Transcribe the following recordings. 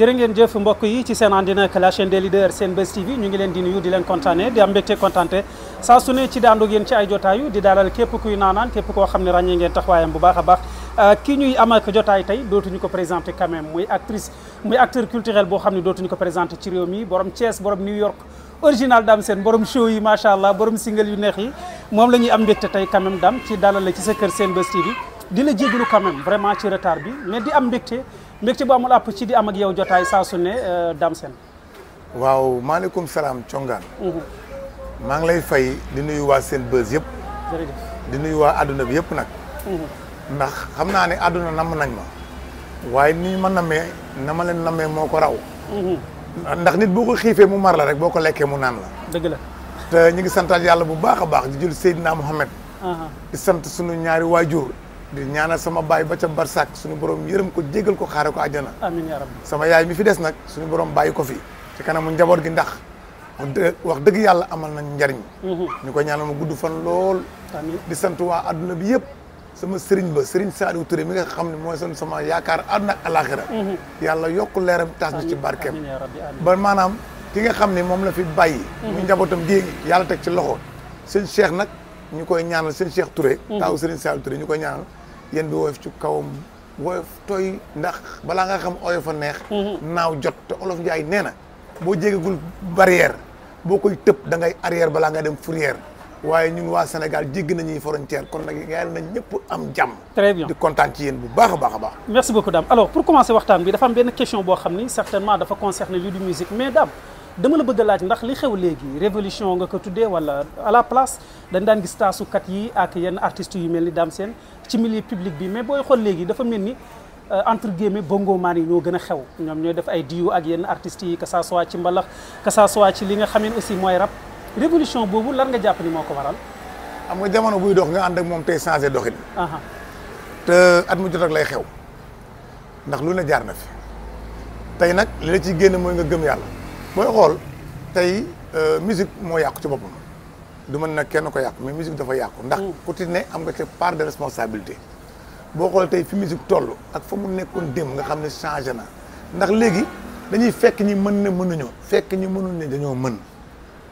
jërë ngeen jëf mbokk yi ci seen àndina ak la chaîne des leaders Senbuzz ñu ngi leen di nuyu di leen kontaane di am mbégte kontaante saa su ne ci di ànd ci ay jotaayu di dalal képp kuy naanaan képp koo xam ne ràññee ngeen taxawaayam bu baax a baax euh, ki ñuy am ak jotaay tey dootuñu ko présenté quand même muy actrice muy acteur culturel boo xam ne dootuñu ko présenté ci réew mi borom Thiès borom New York original Dame Sène borom show yi macha allah borom single yu neex yi moom la ñuy am mbégte tey quand même Dame dalal la ci sa kër Senbuzz TV di la jégalu quand même vraiment ci retard bi mais di am mbégte mbégte bu amul àpp ci di am ak yow jotaay saa su ne euh, Dame waaw maaleykum salaam congaan mhm. maa ngi lay fay di nuyu waa seen bës yëpp di nuyu waa adduna bi yëpp nag mhm. ndax xam naa ne adduna namm nañ ma waaye ni ma namee na ma leen namee moo ko raw mhm. ndax nit boo ko xiifee mu mar la rek boo ko lekkee mu naan la dëgg la te ñu ngi santaal yàlla bu baax a baax di jël Seydina Mouhamed di sant sunu ñaari waajur di ñaanal sama baay ba ca barsak suñu boroom yërëm ko jégal ko xaare ko àjjana amiin yaa rabbi sama yaay mi fi des nag suñu borom bàyyi ko fi ci kanamu njaboot gi ndax wax dëgg yàlla amal nañ njariñ ñu ko ñaanal mu gudd fan lool di sant waa adduna bi yëpp sama sëriñ ba sëriñ Saliou Touré mi nga xam ne mooy seen sama yaakaar àdduna ak alaxira yàlla yokk leeram taas ñu ci barkeem ba maanaam ki nga xam ne moom la fi bàyyi mu njabootam géegi yàlla teg ci loxo seen cheikh nag ñu koy ñaanal seen cheikh Touré taaw sëriñ Saliou Touré ñu koy ñaanal yéen bi woyof ci kawam woyof tooy ndax balaa nga xam oyof a neex mhm. naaw jot te olof Njaay nee na boo jégagul barrière boo koy tëb da ngay balaa nga dem fourrière waaye ñun waa Sénégal jégg nañuy frontière kon nag yàlla na ñëpp am jàmm très bien di kontaan ci yéen bu baax a baax a baax merci beaucoup Dame alors pour commencer waxtaan bi dafa am benn question boo xam ni certainement dafa concerner lu di musique mais Dame dama la bëgg laaj ndax li xew léegi révolution nga ko tuddee wala à la place dañ daan gis taasukat yi ak yenn artistes yu mel ni daam seen ci milieu public bi mais booy xool léegi dafa mel ni euh, entre guillemets bongo maan yi ñoo gën a xew ñoom ñooy def ay diyu ak yenn artistes yi que ça soit ci mbalax que ça ci li nga xamee aussi mooy rap révolution boobu lan nga jàpp ni moo ko waral. am nga jamono buy dox nga ànd ak moom tey changé doxin. te at mu jot lay xew ndax lu ne jaar na fi tey nag li la ciy mooy nga gëm yàlla. booy xool tey euh, musique moo yàqu ci boppam du mën nag kenn ko yàqu mais musique dafa yàqu ndax mm. ku ci ne am nga ci part de responsabilité boo xool tey fi musique toll ak fa mu nekkoon démb nga xam ne changé na ndax léegi dañuy fekk ñi mën ne mënuñoo fekk ñi mënul ne dañoo mën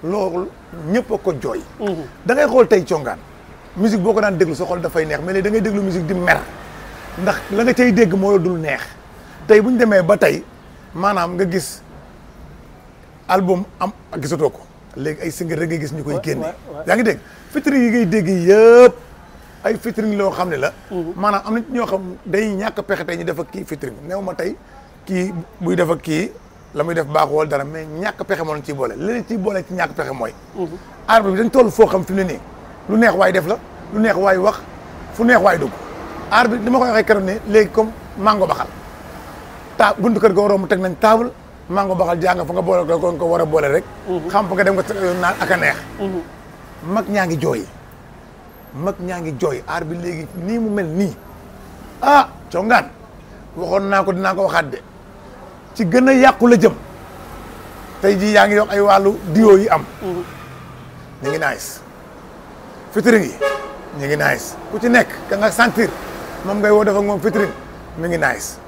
loolu ñëpp a ko jooy mm-hmm. da ngay xool tey congaan musique boo ko daan déglu sa xool dafay neex mais léegi da ngay déglu musique di mer ndax la nga cay dégg moo la dul neex tey bu ñu demee ba tey maanaam nga gis album am gisatoo ko léegi ay single rek ngay gis ñu koy génne yaa ngi dégg featuring yi ngay dégg yëpp ay featuring loo xam ne la mhm. maanaam am na ñoo xam day ñàkk pexe tey ñu def ak kii featuring new ma tey kii buy def ak kii la muy def baaxul dara mais ñàkk pexe moo ciy boole leneen ciy boole ci ñàkk pexe mooy aar mhm. bi dañ toll foo xam fi mu ne nii lu neex waay def la lu neex waay wax fu neex waay dugg aar bi dama koy waxee keroog ne léegi comme mango baxal ta buntu kër ga waroon mu teg nañ table mango baxal jàng fa nga boole ko kon ko war a boole rek. Mhm. xam fa nga dem ko naan ak a neex. Mhm. mag ñaa ngi jooy. mag ñaa ngi jooy aar bi léegi nii mu mel nii ah congaan waxoon naa ko dinaa ko waxaat de ci gën a yàqula la jëm tey jii yaa ngi yokk ay wàllu diwo yi am. Mhm. ñu ngi nice featuring yi ngi nice ku ci nekk ka nga sentir moom ngay woo dafa moom featuring mi ngi nice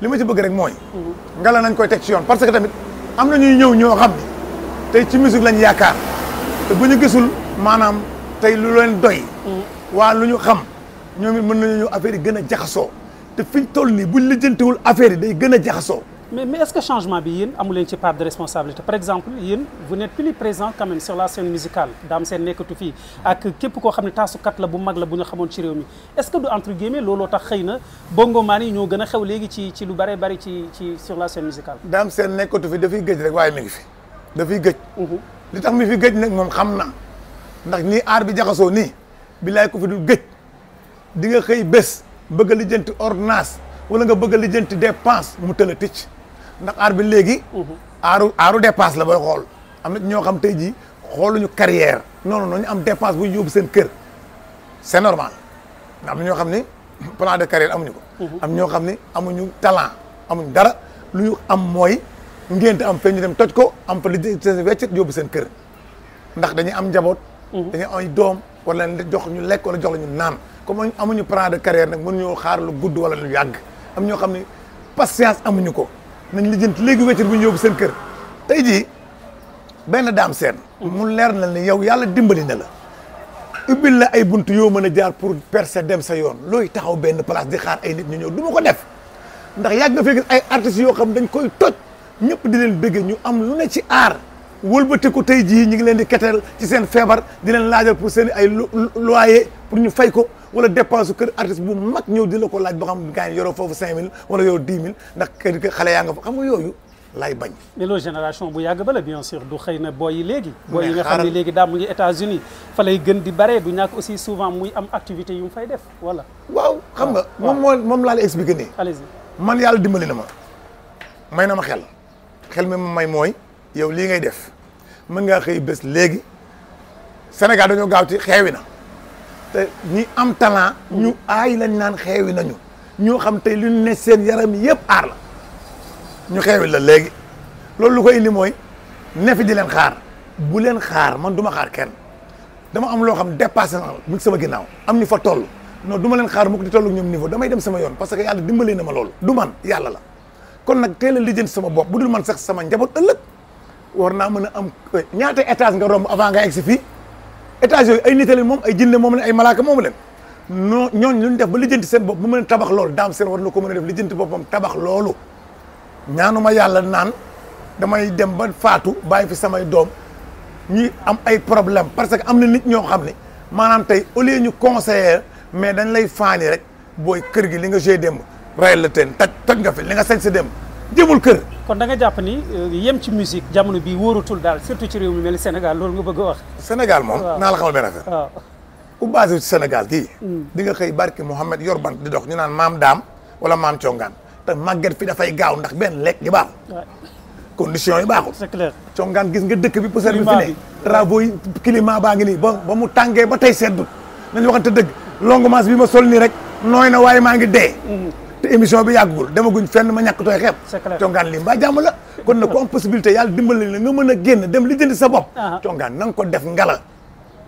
li ma ci bëgg rek mooy. ngala nañ koy teg ci yoon parce que tamit am na ñuy ñëw ñoo xam ni tey ci musique lañ yaakaar te bu ñu gisul maanaam tey lu leen doy. waa lu ñu xam ñoom it mën nañu ñëw affaire gën a jaxasoo te fiñ toll nii buñ lijjantiwul affaire yi day gën a jaxasoo. mais mais est-ce changement bi yéen amu leen ci part de responsabilité par exemple yéen vous n'êtes plus présent quand même sur la scène musicale Dame Sène fii ak képp koo xam ne taasukat la bu mag la bu ñu xamoon ci réew mi est-ce que du entre guillemets looloo tax xëy na bongo maan yi ñoo gën a xew léegi ci ci lu bare bari ci ci sur la scène musicale. Dame Sène nekkatu fi dafay gëj rek waaye mi ngi fi dafay gëj. Mhm. li tax mi fi gëj nag moom xam na ndax nii aar bi jaxasoo nii bilaay ko fi dul di nga xëy bés bëgg a lijjanti wala nga bëgg a lijjanti dépense mu tëla ticc ndax aar bi léegi. aaru aaru dépense la booy xool am na ñoo xam tey jii xooluñu carrière non non ñu am dépense bu ñu seen kër seen normal am na ñoo xam ne plan de carrière amuñu ko. Mhm. am ñoo xam ne amuñu talent amuñu dara lu ñu am mooy ngénte am feeñ ñu dem toj ko am fa li seen weccet yóbbu seen kër ndax dañu am njaboot. Mhm. dañuy am ay doom wala jox ñu lekk wala jox la ñu naan comme amuñu plan de carrière nag mënuñoo xaar lu gudd wala lu yàgg am ñoo xam ne patience amuñu ko. nañ lijjanti léegi wéccet bu ñu yóbbu seen kër tey jii benn daam seen mu leer na ne yow yàlla dimbali na la ubbil la ay bunt yoo mën a jaar pour percer dem sa yoon looy taxaw benn place di xaar ay nit ñu ñëw du ma ko def ndax yàgg nga fee ay artistes yoo xam dañ koy toj ñëpp di leen bëgge ñu am lu ne ci aar wëlbati ko tey jii ñu ngi leen di keteel ci seen feebar di leen laajal pour seen ay loyer pour ñu fay ko wala dépense kër artiste bu mag ñëw di la ko laaj ba xam gars yi yoroo foofu 5000 wala yow 10 000 ndax kër xale yaa nga fa xam nga yooyu laay bañ mais loolu génération bu yàgg ba la bien sûr du xëy na booy léegi booy yi nga xam ne léegi daa mu ngi États-Unis fa lay gën di bare du ñàkk aussi souvent muy am activité yu mu fay def wala waaw xam nga moom moo moom laa la expliqué nii allez-y man yàlla dimbali na ma may na ma xel xel mi ma may mooy yow lii ngay def mën ngaa xëy bés léegi Sénégal dañoo gaaw ci xeewi na te ñi am talent. ñu aay lañ naan xeewi nañu. ñoo xam tey lu ne seen yaram yëpp aar la ñu xeewi la léegi loolu lu koy indi mooy ne fi di leen xaar bu leen xaar man du ma xaar kenn dama am loo xam dépassé na mu ngi sama ginnaaw am ñu fa toll non du ma leen xaar mu di tollu ñoom niveau damay dem sama yoon parce que yàlla dimbalee na ma loolu du man yàlla la kon nag teel a lijjanti sama bopp bu dul man sax sama njaboot ëllëg war naa mën a am eh, ñaata étage nga romb avant nga egg si fii. étage yooyu ay nit moom ay jinne moom leen ay malaaka moom leen non ñooñ lu ñu def ba lijjanti seen bopp bu mën a tabax loolu daam seen war na ko mën a def lijjanti boppam tabax loolu ñaanuma yàlla naan damay dem ba faatu bàyyi fi samay doom ñi am ay problème parce que am na nit ñoo xam ne maanaam tey au lieu ñu conseiller mais dañ lay faani rek booy kër gi li nga joué démb rayal la teen taj toj nga fi li nga sañ si démb jëmul kër. kon da nga jàpp ni euh, yem ci musique jamono bi wóorutul daal surtout ci réew mi mel ni Sénégal loolu nga bëgg a wax. Sénégal moom naa la xamal benn affaire. waaw ku basé wu ci Sénégal gii. Hmm. di nga barke Mouhamed yor di dox ñu naan maam daam wala maam congaan te màgget fi dafay gaaw ndax benn lekk gi baaxul. condition yi baaxul. c'est clair congaan gis nga dëkk bi. poussière bi fi ne travaux yi climat baa ngi nii ba ba mu tàngee ba tey seddul nañu waxante dëgg longue manche bi ma sol nii rek nooy na waaye maa ngi dee. Hmm. te émission bi yàggul demaguñ fenn ma ñàkk tooy xeeb congaan lii mbaa jàmm la kon na ko am possibilité yàlla dimbal la nga mën a génn dem li jënd sa bopp ah. congaan na nga ko def ngala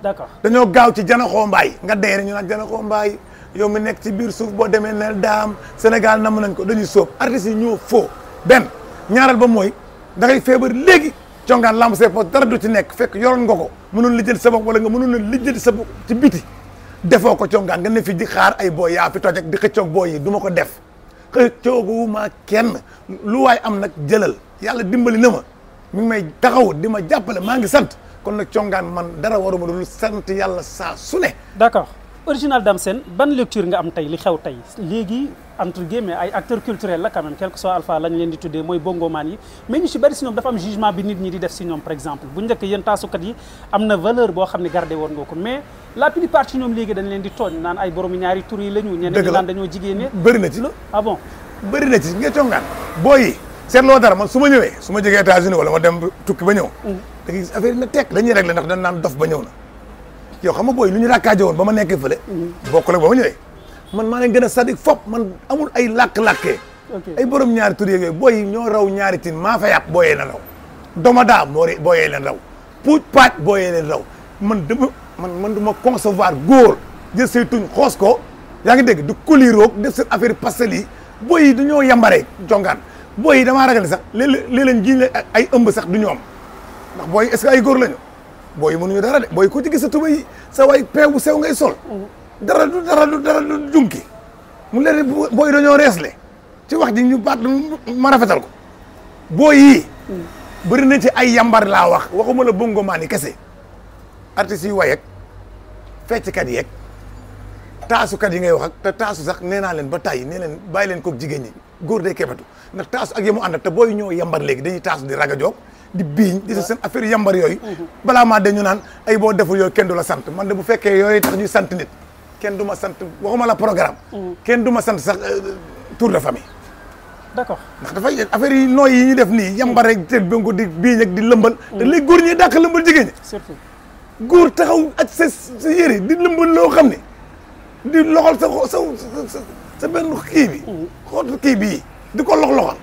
d'accord dañoo gaaw ci janaxoo mbaay nga dee rek ñu naan janaxoo mbaay yow mi nekk ci biir suuf boo demee neel daam Sénégal nam nañ ko dañuy sóob artistes yi ñoo foo benn ñaaral ba mooy da ngay feebar léegi congaan lamb see poos dara du ci nekk fekk yoroon nga ko mënoon li jënd sa bopp wala nga mënoon a li sa ci biti defoo ko congaan ne fi di xaar ay booy yaa fi toj ak booy yi du ko def xëccooguwuma kenn lu waaye am nag jëlal yàlla dimbali na ma mi ngi may taxaw di ma jàppale maa ngi sant kon nag congaan man dara waruma dul sant yàlla saa su ne d'accord original Dame Sène ban lecture nga am tey li xew tey léegi entre guillemets ay acteurs culturels la quand même soit alpha lañ leen di tuddee mooy bongomaan yi mais ñu ci bari si ñoom dafa am jugement bi nit ñi di def si ñoom par exemple bu njëkk yéen taasukat yi am na valeur boo xam ne gardé woon nga ko mais la plupart ci ñoom léegi dañ leen di tooñ naan ay borom ñaari tur yi la ñu ñeneen ñi naan dañoo jigéen bëri ci ah bon bëri na ci dara man su ma ñëwee su ma jógee États-Unis wala ma dem tukki ba ñëw da mm. na tekk naan dof ba ñëw na yow xam nga booy lu ñu rakkaaje woon ba ma nekkee fële mhm. bokkul ak ba ma ñëwee man maa leen gën a sadik fop man amul ay làkk-làkkee ay borom ñaari tur yeeg yooyu booy ñoo raw ñaari tin maa fa yàpp booyee leen raw domadaa moo booyee leen raw puuj paaj booyee leen raw man dama man man du ma concevoir góor jël say tuñ xoos ko yaa ngi dégg du koliroog def seen affaire pastel yi booy yi dañoo yambaree jongaan booy yi damaa ragal sax léeg-léeg leen jiñ la ay ëmb sax du ñoom ndax booy est-ce que ay góor lañu booy yi mënuñu dara de booy ku ci gis sa tuba yi sa waay peewu sew ngay sol. dara du dara du dara du junki mu leen booy dañoo reesle ci wax ji ñu baat ma rafetal ko booy yi bëri na ci ay yambar laa wax waxuma la bongo maa ni kese artistes yi way ak fecckat yeeg taasukat yi ngay wax ak te taasu sax nee naa leen ba tàyyi nee leen bàyyi leen koog jigéen ñi góor dee kebatu ndax taasu ak yamu ànd ak te booy ñoo yambar léegi dañuy taasu di raga joog di biiñ di def seen affaire yambar yooyu balaa maa dañu naan ay boo deful yooyu kenn du la sant man de bu fekkee yooyu tax ñuy sant nit kenn du ma sant waxuma la programme mm-hmm. kenn du ma sant sax euh, tour de famille d'accord ndax dafay affaire yi nooy yi ñu def nii yambar rek te bëngu di biiñ ak di lëmbal mm-hmm. te góor ñi dàq lëmbal jigéen ñi surtout góor taxaw ak sa sa yére di lëmbal loo xam ne di loxol sa sa sa benn kii bi mm-hmm. di ko lox loxal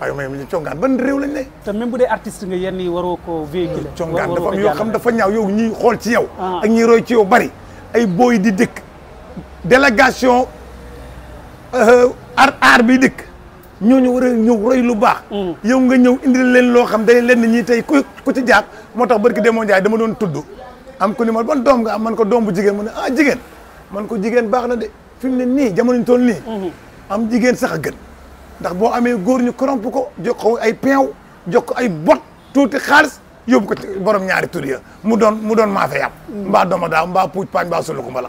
waaye mooy congaan ban réew lañ ne. te même bu dee artiste nga yenn yi waroo ko véhiculer. congaan dafa am yoo xam dafa ñaaw yow ñuy xool ci yow. Ah. ak ñi roy ci yow bari. ay booy di dëkk délégation euh, ar aar bi dëkk ñooñu war a ñëw roy lu baax. Hmm. yow nga ñëw indi leen loo xam dañ leen ñi tey ku ku ci jaar moo tax barki Demba Ndiaye dama doon tudd am ku ni ma ban doom nga am man ko doom bu jigéen ma ne ah jigéen man ko jigéen baax na de fi mu ne nii jamono ñu toll nii. Hmm. am jigéen sax a gën. ndax boo amee góor ñu corrompe ko jox ko ay peew jox ko ay bot tuuti xaalis yóbbu ko ci borom ñaari mu doon mu doon maafe yàpp mm. mbaa doma daaw mbaa puuj paañ mbaa sulu ko mbala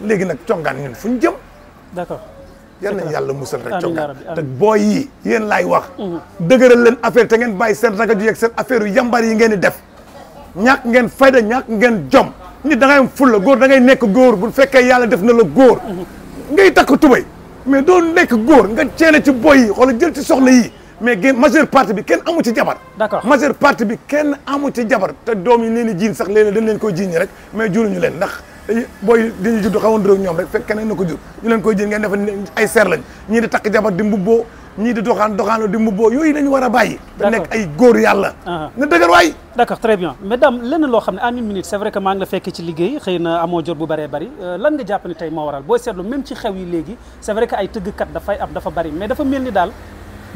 léegi nag congaan ñun fu ñu jëm d'accord yal nañ yàlla musal rek congaan te booy yi yéen laay wax mm-hmm. dëgëral leen affaire te ngeen bàyyi seen raga ju yeeg seen affaire yu yambar yi ngeen di def ñàkk ngeen fayda ñàkk ngeen jom nit da ngay am fulla góor da ngay nekk góor bu fekkee yàlla def na la góor mm-hmm. ngay takk tubay mais doo nekk góor nga ceene ci boy yi xoolal jël ci soxla yi mais gën majeure partie bi kenn amu ci jabar. d'accord majeure partie bi kenn amu ci jabar te doom yi leen di jiin sax léeg-léeg leen ko jiin rek mais juruñu leen ndax dañuy booy dañuy judd xawoon dëgg ñoom rek fekk keneen na ko jur ñu leen koy jiin ngeen def ay seer lañ ñii di takk jabar di mbubboo ñii di doxaan doxaanoo di boo yooyu lañu war a bàyyi. da nekk ay góor yàlla. Ah. na dëgër ay d' accord très bien mesdames lenn loo xam ne en une minute c' est vrai que maa ngi xëy na amoo jot bu bëree bëri euh, lan nga jàpp tey moo waral boo seetlu même ci xew yi léegi c' est vrai ay tëggkat dafay am dafa bëri mais dafa mel ni daal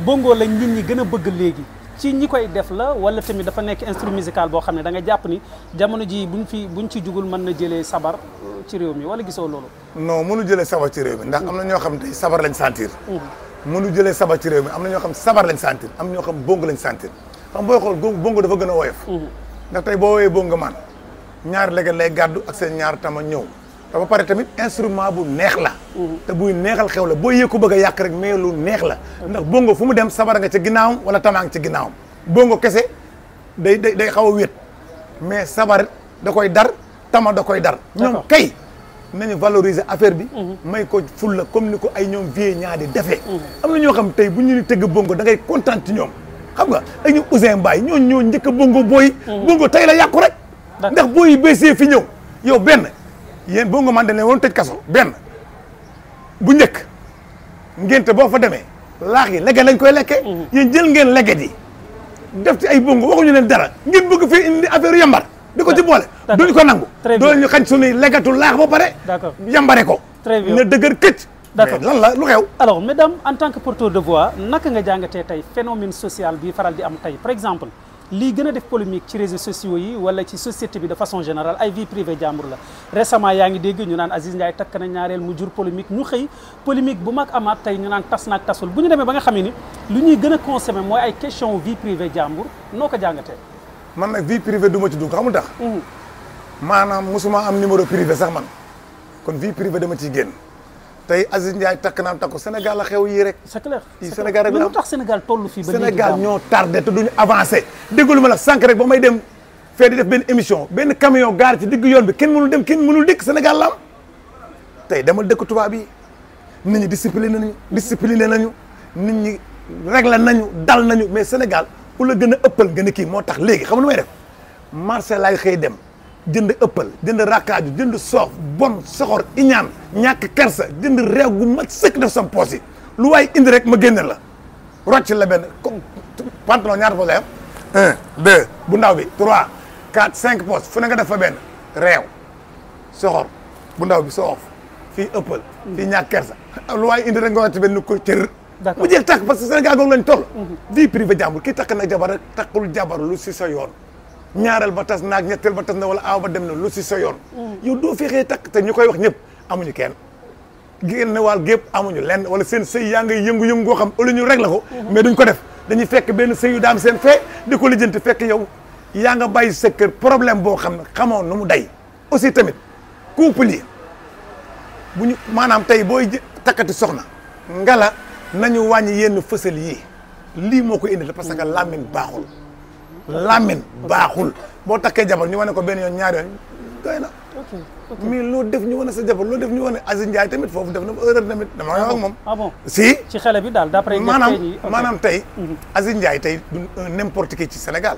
bongo lañ nit ñi gën a bëgg léegi ci ñi koy def la wala tamit dafa nekk instrument boo xam ne da nga jàpp ni jamono ji buñ fi buñ ci jugul mën na jëlee sabar euh, ci réew mi wala gisoo loolu. non mënu jëlee sabar ci réew mi ndax am na ñoo xam tey sabar lañ sentir. Mm-hmm. mënu jëlee sabar ci réew mi am na ñoo xam sabar lañ sentir am ñoo xam bongo lañ sentir xam booy xool bongo dafa gën a woyof mhm. ndax tey boo woyee bongo man ñaar léeg lay gàddu ak seen ñaar tama ñëw te ba pare tamit instrument bu neex la mhm. te buy neexal xew la boo yëg ko bëgg a yàq rek mais lu neex la ndax bongo fu mu dem sabar nga ci ginnaaw wala tamaa nga ci ginnaawam bongo kese day day day xaw a wéet mais sabar da koy dar tama da koy dar ñoom kay nañu valoriser affaire bi. Mhm. may ko fulla comme ni ko ay ñoom vie ñaari defee. Mhm. am na ñoo xam tey bu ñu ni tëgg bongo da ngay kontaan ci ñoom xam nga ay ñu Ousseyn Mbaye ñoo ñoo njëkk a bongo booy. Mhm. bongo tey la yàqu rek. ndax booy yi beesee fi ñëw yow benn yéen bongo man dañ woon tëj kaso benn bu njëkk ngénte boo fa demee laax yi leget lañ koy lekkee. yéen jël ngeen leget yi def ci ay bongo ñu leen dara ngeen bëgg fee indi affaire yambar. di ko ci boole duñ ko nangu doon ñu xañ suñuy legatu laax ba pare yambare ko ne dëgër këcc d'accord lan la lu xew alors mesdames en tant que porteur de voix naka nga jàngatee tey phénomène social bi faral di am tey par exemple lii gën a def polémique ci réseaux sociaux yi wala ci société bi de façon générale ay vie privée jàmbur la récemment yaa ngi dégg ñu naan Aziz Ndiaye takk na ñaareel mu jur polémique ñu xëy polémique bu mag amaat tey ñu naan tas naag tasul bu ñu demee ba nga xam ni lu ñuy gën a consommé mooy ay question vie privée jàmbur noo ko jàngatee man nag vie privée du ma ci dugg xamul tax. Mhm. maanaam mosuma am numéro privé sax man kon vie privée dama ci génn. tey Aziz Ndiaye takk naam takku Sénégal la xew yii rek. c'est clair Sénégal rek la lu tax Sénégal tollu fii ba Sénégal ñoo tardé te duñu avancé. déglu ma la sànq rek ba may dem fee di def benn émission benn camion gaar ci digg yoon bi kenn mënul dem kenn mënul dëkk Sénégal la tey demal dëkk tubaab yi nit ñi discipliné nañu discipliné nañu nit ñi réglé nañu dal nañu mais Sénégal ku la gën a ëppal nga ne kii moo tax léegi xam lu may def marché laay xëy dem jënd ëppal jënd rakkaaju jënd soof bon soxor iñaan ñàkk kersa jënd réew gu mat sëkk def sam poos yi lu waaye indi rek ma génne la rocc la benn pantalon ñaata poos la yam bu ndaw bi trois quatre cinq poos fu nga def fa benn réew soxor bu ndaw bi soof fii ëppal fii ñàkk kersa lu waaye indi rek nga wàcc benn ko cër d'accord mu jeex tàkk parce que Sénégal googu lañ toll. vie privée jàmbur kii takk na jabar rek takkul jabar lu si sa yoon. ñaareel ba tas naag ñetteel ba tas na wala aw ba dem na lu si sa yoon. Mm. yow doo fexee takk te ñu koy wax ñëpp amuñu kenn. génn wàll gépp amuñu lenn wala seen sëy yaa ngay yëngu-yëngu goo xam ëllëg ñu rek la ko. Mm-hmm. mais duñ ko def dañuy fekk benn sëy yu daam seen fee di ko lijjanti fekk yow yaa nga bàyyi sa problème boo xam ne xamoon nu mu day. aussi tamit couple yi maanaam tey booy takkati soxna ngala na nañu wàññi yenn fësal yi lii moo ko indi parce que làmmiñ baaxul làmmiñ baaxul boo takkee jabar ñu wane ko benn yoon ñaari yoon doy mais loo def ñu wane sa jabar loo def ñu wane Aziz tamit foofu def na erreur tamit moom ah bon si ci xale bi daal d'après maanaam maanaam tey mhm. Aziz tey du euh, n'importe senegal ci Sénégal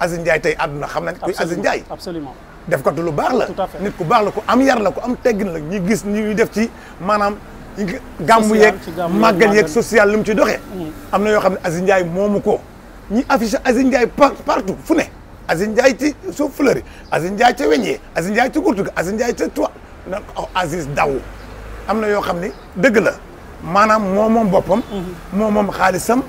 Aziz Ndiaye tey àdduna xam nañ kuy Aziz Ndiaye absolument def ko lu baax la nit ku baax la ku am yar la ku am teggin la ñu gis ñu def ci maanaam gàmmu yeeg màggal yeeg social lu mu ci doxee mm. am na yoo xam ne Aziz Ndiaye moomu ko ñi affiché Aziz Ndiaye partout fu ne Aziz Ndiaye ci suuf fleur Aziz Ndiaye ca weñ yee Aziz Ndiaye ca gurtu ga Aziz Ndiaye ca toit na oh, daw am na yoo xam ne dëgg la maanaam moo moom boppam moo mm-hmm. moom xaalisam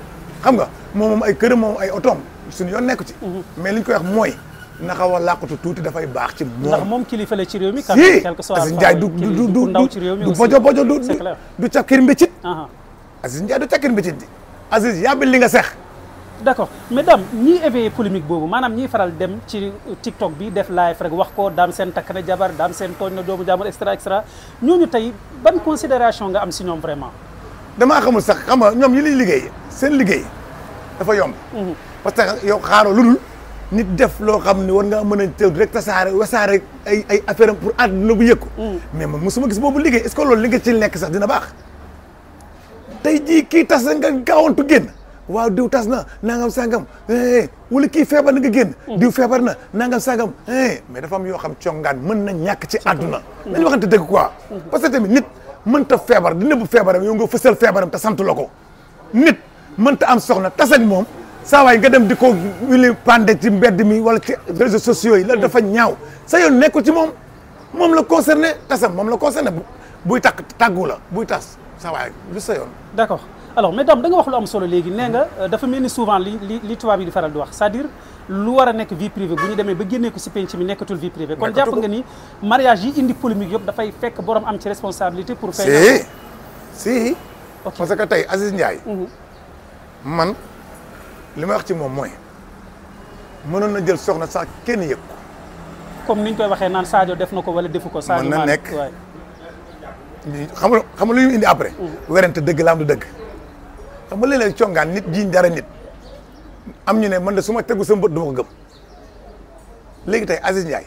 xam nga moo moom ay këram moom ay otoom suñu yoon nekku ci mm-hmm. mais li ñu koy wax mooy na xaw a làqatu tuuti dafay baax ci moom. ndax moom kilifa la ci réew mi. si quelque soit Aziz Ndiaye du du du du du bojo bojo du du cakkir mbécit. Uh-huh. Aziz Ndiaye du cakkir mbécit di Aziz yàbbi li nga sex d'accord mesdames ñiy éveillé polémique boobu maanaam ñiy faral dem ci TikTok bi def live rek wax ko daam seen takk na jabar daam seen tooñ na doomu jaamur extra extra ñooñu tey ban considération nga am si ñoom vraiment. damaa xamul sax xam nga ñoom yi liy liggéey seen liggéey dafa yomb. Mm-hmm. parce que yow xaaroo lu dul nit def loo xam ne war ngaa mën a tëw rek tasaare wasaare ay ay affaire am pour àdduna bu yëkku mm. mais man mosuma gis boobu liggéey est-ce que loolu li nga ci nekk sax dina baax tey jii kii tas na nga gaawantu génn waaw diw tas na nangam sangam eh, wala kii feebar na nga génn mm. diw feebar na nangam sangam eh, mais dafa am yoo xam congaan mën na ñàkk ci àdduna mm. nañ waxante dëgg quoi parce que tamit nit mënta feebar di nëbb feebaram yow nga fësal feebaram te sant la ko nit mënta am soxna tas ak moom saa waay nga dem di ko wili pande ci mbedd mi wala ci réseaux sociaux yi. la dafa mm. ñaaw sa yoon ko ci moom moom la concerné tasam moom la concerné buy takk tàggu la buy tas saa waay lu sa yoon. d'accord alors mesdames da nga wax lu am solo léegi nee nga euh, dafa mel ni souvent li li li tubaab yi di faral di wax c'est-à-dire. lu war a nekk vie privée bu ñu demee ba génnee ko ci penc mi nekkatul vie privée kon jàpp nga ni mariage yi indi polémique yëpp dafay fekk borom am ci responsabilité pour fay si parce que tey Aziz Ndiaye mhm. man li ma wax ci moom mooy mënoon na jël soxna sax kenn yëg ko. comme ni ñu waxee naan Sadio def na ko wala defu ko. Sadio mën na nekk xam nga xam nga lu indi après. werante dëgg la am du dëgg. xam nga congaan nit jiñ dara nit am ñu ne man de su ma tegu sama bët du ma léegi tey Aziz Ndiaye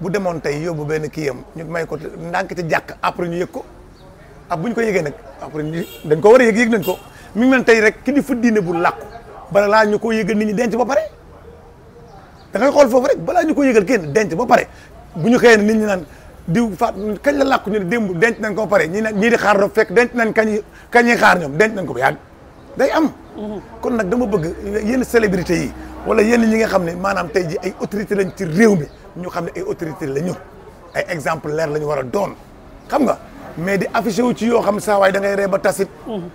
bu demoon tey yóbbu benn kii yam ñu may ko ndànk ci jàkk après ñu yëg ko ab ah, bu ñu ko yëgee nag après ñu dañ ko war a yëg yëg nañ ko mu ngi tey rek ki di fa diine bu làkku bala laa ñu ko yëgal nit ñi denc ba pare da ngay xool foofu rek balaa ñu ko yëgal kenn denc ba pare bu ñu xëyee nit ñi naan diw faat kañ la làkk ñu ne démb denc nañ ko ba pare ñi ne ñii di xaar do fekk denc nañ kañ kañ xaar ñoom denc nañ ko ba yàgg day am. Mhm. kon nag dama bëgg yenn célébrité yi wala yenn ñi nga xam ne maanaam tey ji ay autorité lañ ci réew mi ñu xam ne ay autorité la ñu ay exemple leer la ñu war a doon xam nga mais di affiché wu ci yoo xam saa waay da ngay ree ba tasit. Mhm.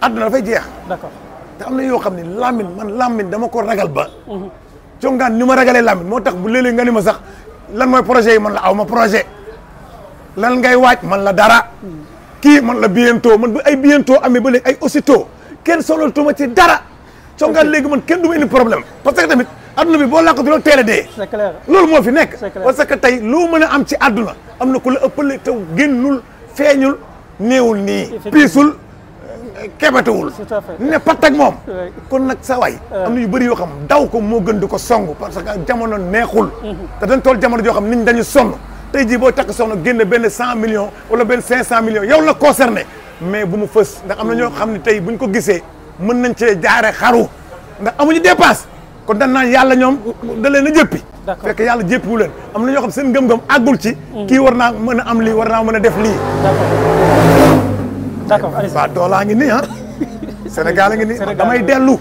àdduna dafay jeex. d'accord. te am na yoo xam ne làmmiñ man làmmiñ dama ko ragal ba. congaan ni ma ragalee làmmiñ moo tax bu léeg nga ni ma sax lan mooy projet yi man la aw ma projet lan ngay waaj man la dara. kii man la bientôt man bu ay bientôt amee ba léegi ay aussitôt kenn sonaltuma ci dara. congaan léegi man kenn du ma indi problème parce que tamit adduna bi boo làkk du la teel a dee. c'est loolu moo fi nekk. parce que tey loo mën a am ci adduna am na ku la ëppale te génnul feeñul néewul nii. piisul. kebatawul ne pat ak moom kon nag sa waay euh. am na yu bëri yoo xam daw ko moo gën di ko song parce que jamono neexul mhm. te dañ tool jamono joo xam nit ñi dañu sonn tey jii boo takk soxna génne benn cent millions wala benn cinq cent millions yow la concerné mais bu mu fës ndax am na ñoo xam ne tey bu ñu ko gisee mën nañ cee jaare xaru ndax amuñu dépense kon dan naan yàlla ñoom da leen a jëppi fekk yàlla jëppiwu leen am na ñoo xam seen ngëm-ngëm agul ci mhm. kii war naa mën a am lii war naa mën a def lii d'accord waaw doolaa ngi nii ah. Sénégal a ngi nii damay dellu.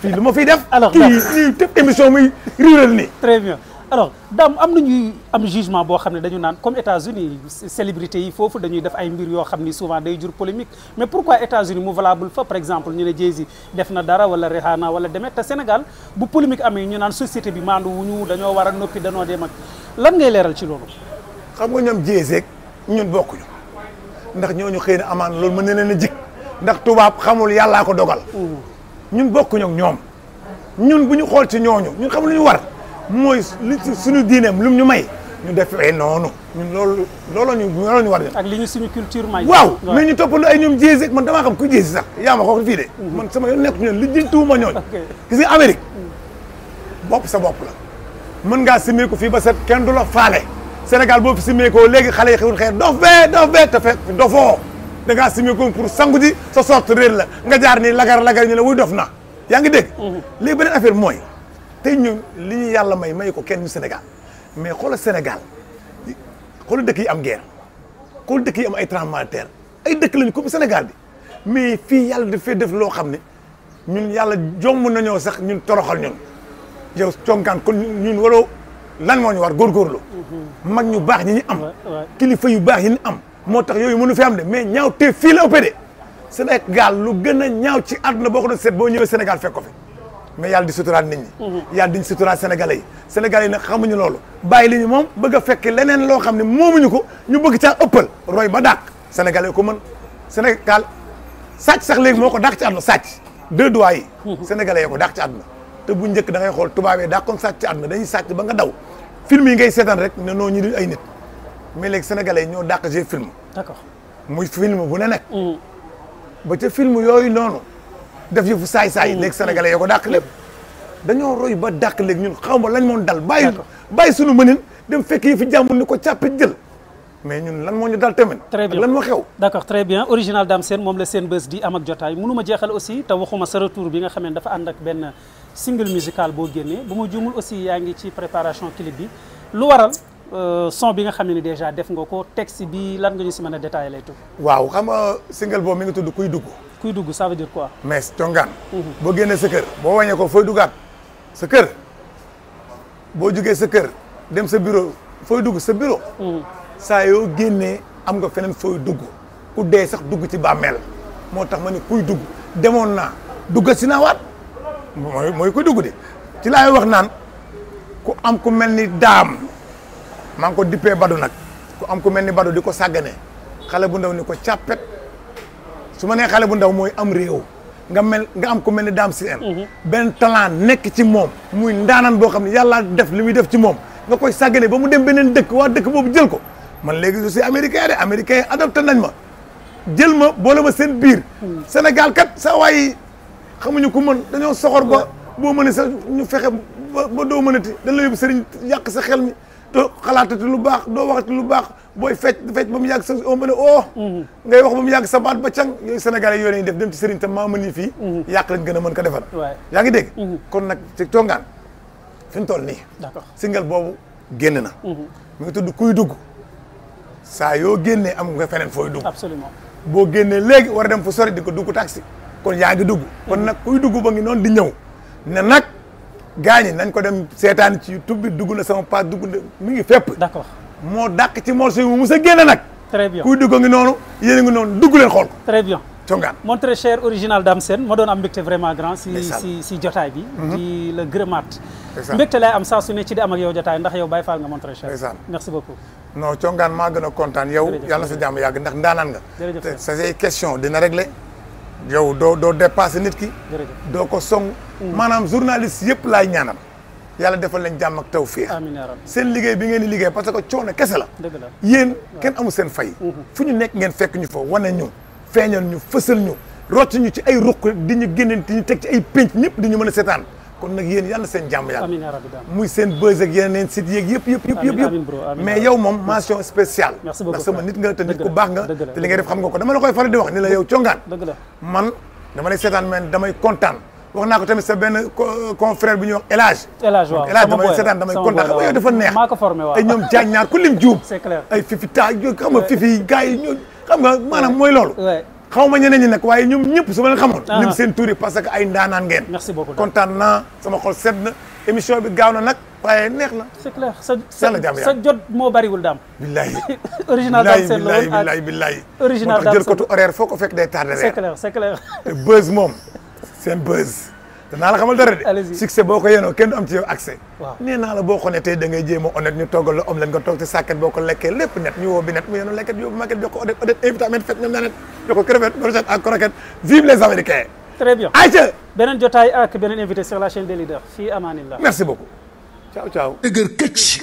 fii lu ma fiy def. alors kii nii tëb émission muy riiral nii. très bien alors daam am na ñuy am jugement boo xam ne dañu naan comme États-Unis célébrité yi foofu dañuy def ay mbir yoo xam ni souvent day jur polémique mais pourquoi États-Unis mu valable fa par exemple ñu ne jay def na dara wala Rihanna wala demet te Sénégal bu polémique amee ñu naan société bi maandu wuñu dañoo war a noppi dañoo dem ak lan leeral ci loolu. xam nga ñoom jay ñun bokkuñu. ndax ñooñu xëy na amaan lool mën na leen a jik ndax tubaab xamul yàllaa ko dogal ñun bokkuñu ak ñoom ñun bu ñu xool ci ñooñu ñun xam lu ñu war mooy li suñu diineem lu ñu may ñu defee noonu ñun loolu looloo ñu looloo ñu war ak li ñu suñu culture may waaw mais ñu toppandoo ay ñoom jéesi man damaa xam ku jéesi sax yaa ma ko fii de mhm. man sama yoon nekk ñoon li ji tuuma ñooñu gis nga Amérique bopp sa bopp la mën ngaa simee ko fii ba set kenn du la faale Sénégal boobu fi simmeekoo léegi xale yi xewul xeer dof bee dof bee te fekk dofoo da ngaa simmeekoo pour sangu ji sa sorte réer la nga jaar nii lagar lagar ñu ne wuy dof na yaa ngi dégg mhm. léegi beneen affaire mooy tey ñun li ñu yàlla may may ko kenn ñu Sénégal mais xoolal Sénégal xoolal dëkk yi am guerre xoolal dëkk yi am ay tremblement de terre ay dëkk lañu comme senegal bi mais fii yàlla dafay def loo xam ne ñun yàlla jomb nañoo sax ñun toroxal ñun yow congaan kon ñun waroo lan moo ñu war góorgóorlu mag ñu baax ñi ñu am kilifa yu baax yi ñu am moo tax yooyu mënu fi am de mais ñaaw te fii la ëppee de Sénégal lu gën a ñaaw ci àdduna boo ko doon seet boo ñëwee Sénégal fekk ko fi mais yàlla di suturaat nit ñi mm-hmm. yàlla diñ suturaat sénégalais yi sénégalais yi nag xamuñu loolu bàyyi li moom bëgg a fekk leneen loo xam ne moomuñu ko ñu bëgg caa ëppal roy ba dàq sénégalais yi ko mën Sénégal sàcc sax léegi moo ko dàq ci àdduna sàcc deux doigts yi mm-hmm. sénégalais yi ko dàq ci àdduna te bu njëkk da ngay xool tubaab yi dàqoon sàcc ci àdduna dañuy sàcc ba nga daw film yi ngay seetaan rek ne noo ñu di ay nit mais léegi sénégalais ñoo dàq jee film. d'accord muy film bu ne nekk. Mm. ba ca film yooyu noonu. def yëfu saay-saay. Mm. léegi sénégalais yoo ko dàq lépp. dañoo roy ba dàq léegi ñun xaw ma lañ moon dal. bàyyi bàyyi sunu mënin mu fekk yi fi jàmbur ni ko càppi jël. mais ñun lan moo ñu dal tamit. très lan moo xew. d' accord très bien original Dame Sène moom la seen bés di am ak jotaay mënu ma jeexal aussi te waxuma sa retour bi nga xam ne dafa ànd ak benn. single musical boo génnee bu ma juumul aussi yaa ngi ci préparation clip bi lu waral euh, son bi nga xam ne ni déjà def nga ko texte bi lan nga ñu si mën a détaillé lay tudd. waaw xam nga single boobu mi ngi tudd kuy dugg. kuy dugg ça veut quoi. mais congaan. Mhm. boo génnee sa kër boo wàññee ko fooy duggaat sa kër boo jugee sa kër dem sa bureau fooy dugg sa bureau. Mhm. saa yoo génnee am nga feneen fooy dugg ku dee sax dugg ci bàmmeel moo tax ma ne kuy dugg demoon naa dugg si naa waat. mooy mooy koy dugg de ci laay wax naan ku am ku mel ni daam maa ngi ko dippee badu nag ku am ku mel ni badu di ko sàggane xale bu ndaw ni ko càppet su ma nee xale bu ndaw mooy am réew nga mel nga am ku mel ni daam si en mhm. benn talent nekk ci moom muy ndaanaan boo xam ne yàlla def li muy def ci moom nga koy sàggane ba mu dem beneen dëkk waa dëkk boobu jël ko man léegi je suis américain de américain adopté nañ ma jël ma boole ma seen biir mhm. Sénégal kat sa waay xamuñu ku mën dañoo soxor ba boo mënee sa ñu fexe ba doo mën mënati dañ la yóbbu sëriñ yàq sa xel mi doo xalaatati lu baax doo waxati lu baax booy fecc fecc ba mu yàgg sa omba ne oh mhm. ngay wax mu yàgg sa baat ba can yooyu sénégalais yooyu lañuy def dem ci sëriñ tam maa mën yi fii mhm. yàq lañ gën a mën ko defar yaa ngi dégg mhm. kon nag ci tongaan fi mu toll nii single boobu génn na mu ngi tudd kuy dugg saa yoo génnee am nga feneen fooy dugg absolument boo génnee léegi war a dem fu sori di ko dugg taxi kon yaa ngi dugg kon nag kuy dugg ba ngi noonu di ñëw ne nag gaañi nañ ko dem seetaan ci YouTube bi dugg na sama paas dugg na mi ngi fépp moo dàq ci morceau yi mu mus a génne kuy dugg ngi noonu yéen a ngi noonu dugg leen xool très bien congaan mon très original Dame Sène ma doon am mbégte vraiment grand si si si jotaay bi mhm. di la gërëmaat mbégte lay am saa su ne ci di am ak yow jotaay ndax yow Baye Fall nga mon très cher merci beaucoup congaan maa gën a kontaan yow yàlla sa jàmm yàgg ndax ndaanaan nga sa question dina réglé yow doo doo dépassé nit ki. doo ko song. Mm. maanaam journaliste yëpp laay ñaanal. yàlla defal leen jàmm ak tawfeex. amiin seen liggéey bi ngeen di liggéey parce que coono kese la. dëgg la yéen kenn amul seen fay. Mm-hmm. fu ñu nekk ngeen fekk ñu fa wane ñu. feeñal ñu fësal ñu rocc ñu ci ay ruq di ñu génne di ñu teg ci ay pénc ñëpp di ñu mën a seetaan. kon nag yéen yàlla seen jàmm yàlla muy seen buzz ak yeneen site yeeg yëpp yëpp yëpp yëpp yëpp mais yow moom mention spéciale ndax nit nga te nit ku baax nga te li nga def nga ko dama la koy faral ni la yow congaan man dama lay seetaan mais damay kontaan wax naa ko tamit sa confrère bi ñuy wax El Hadj El Hadj waaw El Hadj damay xam nga neex ay ñoom jaaj ñaar ku juum ay fifi ta xam fifi gars yi nga maanaam mooy loolu xaw ma ñeneen ñi nag waaye ñoom ñëpp su ma leen xamoon ah. lim seen tuuri parce que ay ndaanaan ngeen merci beaucoup kontaan naa sama xol sedd na émission bi gaaw na nag waaye neex na c'est clair sa jot moo bariwul daam billahi original daam seetlu billahi billahi billahi original daam jël kotu horaire foo ko fekk day tardé c'est clair c'est moom seen buzz danaa la xamal de succès boo ko yenoo kenn du am ci yow accès nee naa la boo xone tey da ngay jéem a honnête ñu toggal la toog ci sàkket boo ko lekkee lépp net ñu woo net mu yenu lekket yóbbu maquette jox ko honnête honnête invité amet fête ñoom nanet jox ko crevette brochette ak vive les américains très beneen jotaay ak beneen invité sur amaanillah merci beaucoup